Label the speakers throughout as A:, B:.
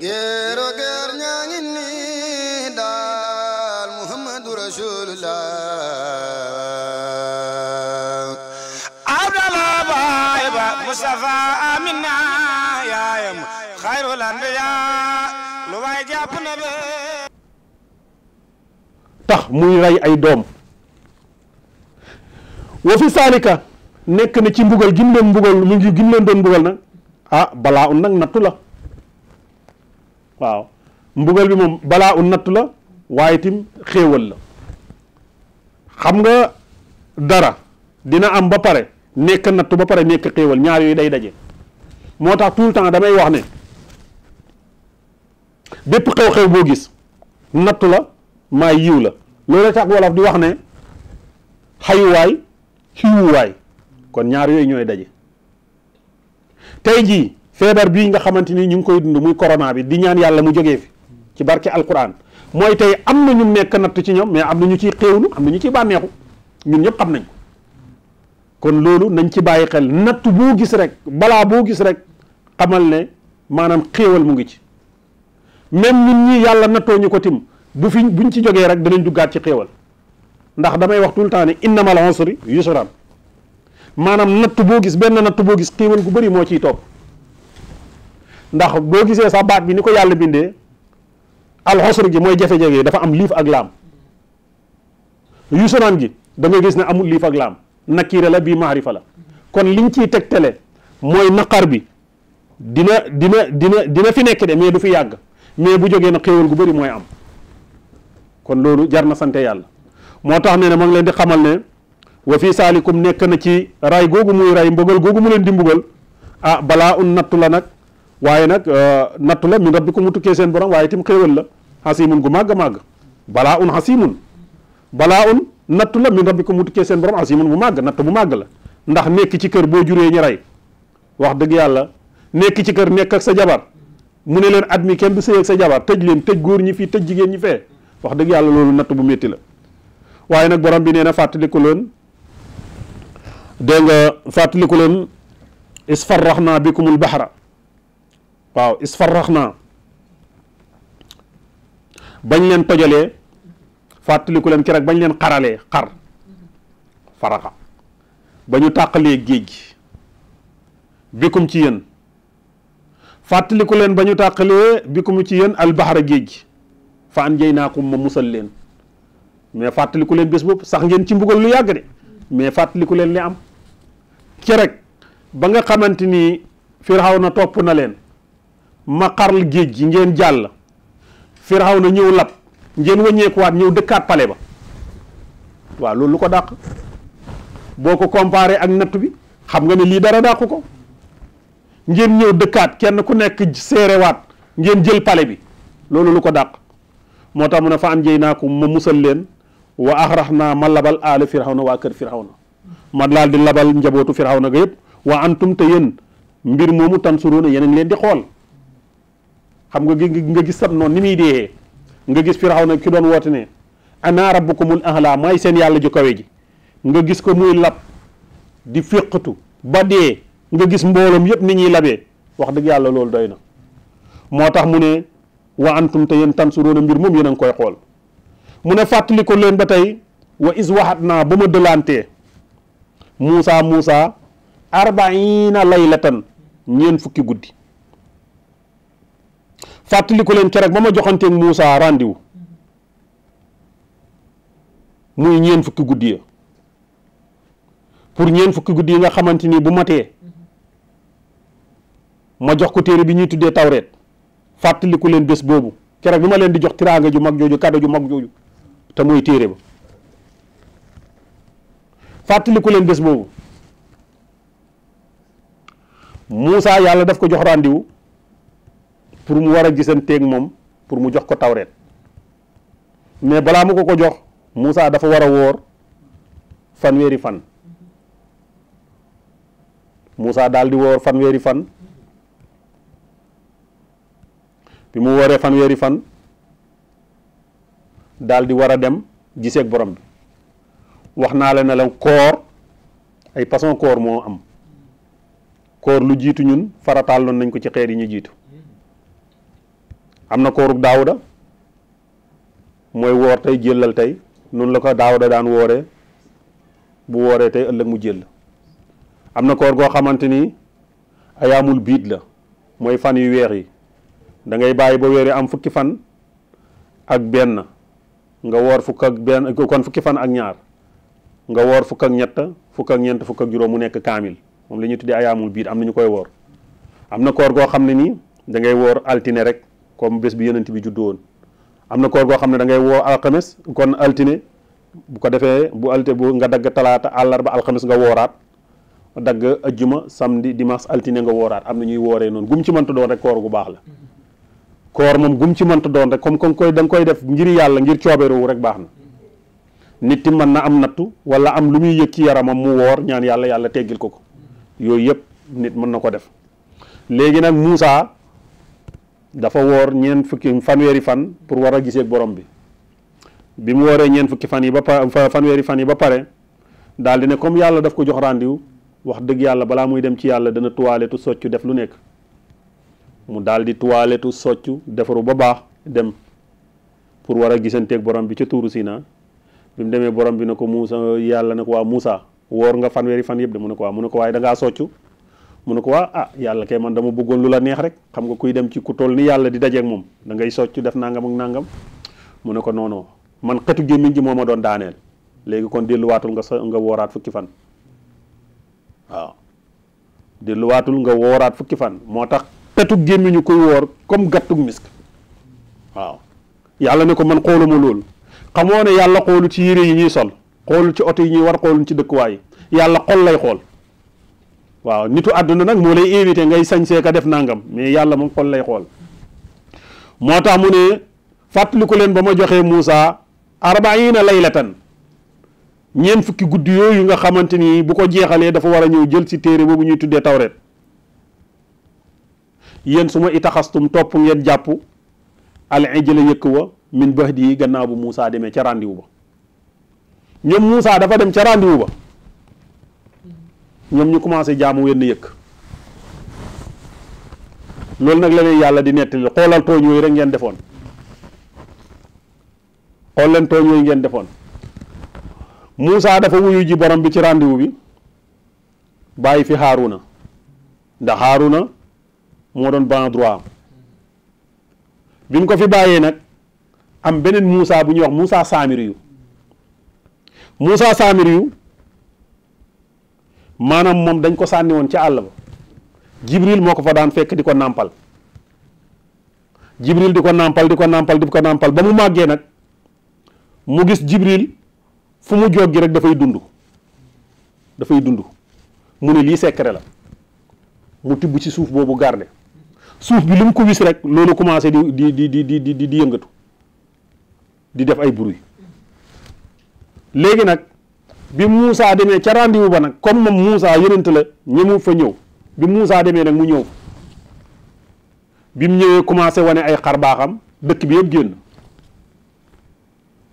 A: géero géer ñaa ngi nii daal muhammadu rasulullah
B: abdala baay ba mustafa amina
A: yaayam xayrul lu waay jàpp na be tax muy rey ay doom wa fi saalika nekk na ci mbugal gim leen mbugal mu ngi gim leen doon mbugal nag ah balaa un nag nattu la waaw mbugal bi moom balaa u natt la waaye tim xéewal la xam nga dara dina am ba pare nekk natt ba pare nekk xéewal ñaar yooyu day daje moo tax tout le temps damay wax ne bépp xew-xew boo gis natt la maa yiw la loolu tax wolof di wax ne xayuwaay xiiwuwaay kon ñaar yooyu ñooy daje tey jii feebar bii nga xamante ni ñu ngi koy dund muy corona bi di ñaan yàlla mu jógee fi ci barke alquran mooy tey am na ñu nekk natt ci ñoom mais am na ñu ciy xéewlu am na ñu ciy bànneexu ñun ñëpp xam nañ kon loolu nañ ci bàyyi xel natt boo gis rek balaa boo gis rek xamal ne maanaam xéewal mu ngi ci même ñun ñii yàlla nattoo ñu ko tim bu fi buñ ci jógee rek danañ duggaat ci xéewal ndax damay wax tout le temps ne innamal usri yusran maanaam natt boo gis benn natt boo gis xéewal gu bëri moo ciy topp ndax boo gisee sax baat bi ni ko yàlla bindee alxosr gi mooy jafe-jafe dafa am liif ak laam yusunaan gi da gis ne amul liif ak laam nakkiire la bii maarifa la kon liñ ciy tegtale mooy naqar bi dina dina dina dina fi nekk de mais du fi yàgg mais bu jógee na xéewal gu bari mooy am kon loolu jar na sante yàlla moo tax ne ne ma ngi leen di xamal ne wa fii saalikum nekk na ci ray googu muy ray mbugal googu mu leen di mbugal ah balaa un nattu la nag waaye nag euh, natt la bi ko mu tukkee seen borom waaye itam xéewal la xasimun gu màgg a màgg balaa un xasimun balaa un natt la bi ko mu tukkee seen borom xasimun bu màgg natt bu màgg la ndax nekk ci kër boo juree ñu rey wax dëgg yàlla nekk ci kër nekk ak sa jabar mu ne leen at mi kenn du sëy ak sa jabar tëj leen tëj góor ñi fii tëj jigéen ñi fee wax dëgg yàlla loolu natt bu métti la waaye nag borom bi nee na fàttaliku leen dégg nga fàttaliku leen isfarrax naa bikumul bahra waaw isfarrax naa bañ leen tojalee fàttaliku leen ki rek bañ leen xaralee xar faraxa ba ñu tàqalee géej gi bikum ci yéen fàttaliku leen ba ñu tàqalee bikum ci yéen albaxara géej gi fa an jay naakum ma musal leen mais fàttaliku leen bés boobu sax ngeen ci mbugal lu yàgg de mais fàttaliku leen li am ci ba nga xamante ni na topp na leen ma xarl géej gi ngeen jàll firaw na ñëw lab ngeen wàññeekuwaat ñëw dëkkaat pale ba waaw loolu lu ko dàq boo ko comparer ak natt bi xam nga ne lii dara dàq ko ngeen ñëw dëkkaat kenn ku nekk séeréwaat ngeen jël pale bi loolu lu ko dàq moo tax mu ne fa an jëy naa ko ma musal leen wa axrax naa ma labal aale firaw na waa kër firaw na ma daal di labal njabootu firaw na ga yëpp wa antum te yéen mbir moomu tan suróona yeneen leen di xool xam nga nga gis sam noonu ni muy dee nga gis Firawna ki doon woote ne ko rabbukumul ahla mooy seen yàlla ju kawe ji nga gis ko muy lab di féqatu ba dee nga gis mbooloom yépp ni ñuy labee wax dëgg yàlla loolu doy na moo tax mu ne wa antum te yéen tansuroona mbir moom yéen a koy xool mu ne fàttali leen ba tey wa is waxat naa ba ma dëlantee Moussa Moussa arbaina laylatan ñeen fukki guddi fàttaliku leen keroog ba ma joxanteeg Moussa rendiw muy ñeen fukki guddi ya pour ñeen fukki guddi yi nga xamante ni bu matee ma jox ko téere bi ñuy tuddee tawreet fàttaliku leen bés boobu keroog bi ma leen di jox tiraanga ju mag jooju kado ju mag jooju te mooy téere ba fàttaliku leen bés boobu Moussa yàlla daf ko jox rendiwu pour mu war a gisanteeg moom pour mu jox ko tawreet mais balaa mu ko ko jox Moussa dafa war a wóor fanweeri fan Moussa daal di woor fanweeri fan bi mu wooree fanweeri fan daldi war a dem giseeg borom bi wax naa leen ne la koor ay façon koor moo am koor lu jiitu ñun farataal loon nañ ko ci xeet yi ñu jiitu am na koorug daawuda mooy woor tey jëlal tey noonu la ko daawuda daan woore bu wooree tey ëllëg mu jël am na koor goo xamante ni ayaamul biit la mooy fan yu weex yi dangay bàyyi ba weer yi am fukki fan ak benn nga woor fukk ak benn kon fukki fan ak ñaar nga woor fukk ak ñett fukk ak ñeent fukk juróom mu nekk kaamil moom la ñuy tuddee ayaamul biit am na ñu koy woor am na koor goo xam ne nii dangay woor altine rek comme bés bi yonent bi juddu woon am na koor goo xam ne da ngay woo alxames kon altine bu ko defee bu alte bu nga dagg talaata àllarba alxames nga wooraat dagg ajjuma samedi dimanche altine nga wooraat am na ñuy wooree noonu gum ci mënta doon rek koor gu baax la koor moom gum ci mënta doon rek comme comme koy da nga koy def ngir yàlla ngir coobeerowu rek baax na nit ti mën na am nattu wala am lu muy yëg ci yaramam mu woor ñaan yàlla yàlla teggil ko ko yooyu yëpp nit mën na ko def dafa woor ñeent fukki fanweeri fan pour war a giseeg borom bi bi mu waree ñeent fukki fan yi ba pare fanweeri fan yi ba pare daal di ne comme yàlla daf ko jox rendez-vous wax dëgg yàlla balaa muy dem ci yàlla dana tuwaaletu soccu def lu nekk mu daal di tuwaaletu soccu defaru ba baax dem pour war a gisanteek borom bi ca tuuru Sinaa bi mu demee borom bi ne ko Muusa yàlla ne ko waa Muusa woor nga fanweeri fan yëpp de mu ne ko waa ne ko waaye dangaa ngaa soccu mu ne ko waa ah yàlla kay man dama bëggoon lu la neex rek xam nga kuy dem ci ku toll ni yàlla di dajeeg moom da ngay socc def nangam ak nangam mu ne ko non non man xetu moo ma doon daaneel léegi kon delluwaatul nga sa nga wooraat fukki fan waaw delluwaatul nga wooraat fukki fan moo tax xetu gémmiñu koy woor comme gàttug misk waaw yàlla ne ko man xooluma loolu xamoo ne yàlla xoolu ci yére yi ñuy sol xoolu ci oto yi ñuy war xoolu ci dëkkuwaay yàlla xol lay xool waaw nitu àdduna nag moo lay invité ngay sañsee ka def nangam mais yàlla moom xol lay xool moo tax mu ne fàttaliku leen ba ma joxee Moussa lay laylatan ngeen fukki guddi yooyu nga xamante ni bu ko jeexalee dafa war a ñëw jël si téere boobu ñuy tuddee tawret yéen su ma itaxastum topp ngeen jàpp al jëla yëkk wa min bahdi di gannaaw bu Moussa demee ca rendez-vous ba ñoom Moussa dafa dem ca rendez-vous ba ñoom ñu commencé jaamu wenn yëkk loolu nag la yàlla di nettali xoolal tooñ yooyu rek ngeen defoon xool leen tooñ yooyu ngeen defoon Moussa dafa wuyu ji borom bi ci rendez bi bàyyi fi Haaruna ndax Haaruna moo doon ban droit bi mu ko fi bàyyee nag am beneen Moussa bu ñuy wax Moussa Samiriyu Moussa Samiriyu maanaam moom dañ ko sànni woon ca àll ba jibril moo ko fa daan fekk di ko nàmpal jibril di ko nàmpal di ko nàmpal di ko nàmpal ba mu màggee nag mu gis jibril fu mu jóg gi rek dafay dund dafay dund mu ne lii secret la mu tibb ci suuf boobu garde suuf bi lu mu ko wis rek loolu commencé di di di di di di yëngatu di def ay bruit léegi nag bi muusaa demee ca rendez-vous ba nag comme moom Moussa yonent la ñemu fa ñëw bi Moussa demee nag mu ñëw bi mu ñëwee commencé wane ay xar baaxam dëkk bi yëpp génn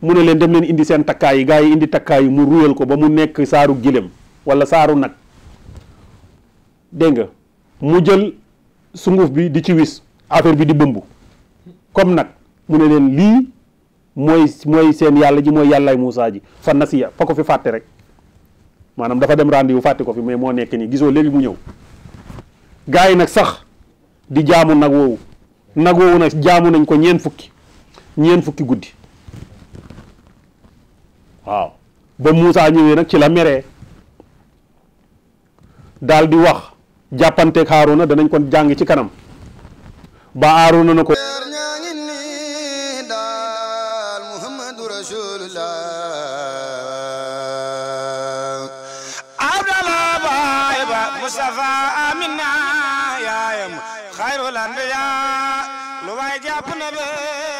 A: mu ne leen dem leen indi seen takkaay yi gaa yi indi takkaay yi mu ruyal ko ba mu nekk saaru gilem wala saaru nag dégg nga mu jël sunguf bi di ci wis affaire bi di bëmb comme nag mu ne leen lii mooy mooy seen yàlla ji mooy yàllaay muusaa ji fanna si siya fa ko fi fàtte rek maanaam dafa dem rendez-vous fàtte ko fi mais moo nekk nii gisoo léegi mu ñëw gars yi nag sax di jaamu nag woowu nag woowu nag jaamu nañ ko ñeen fukki ñeen fukki guddi waaw ba Moussa ñëwee nag ci la meree dal di wax jàppanteeg Haaruna danañ ko jàng ci kanam ba Haaruna na ko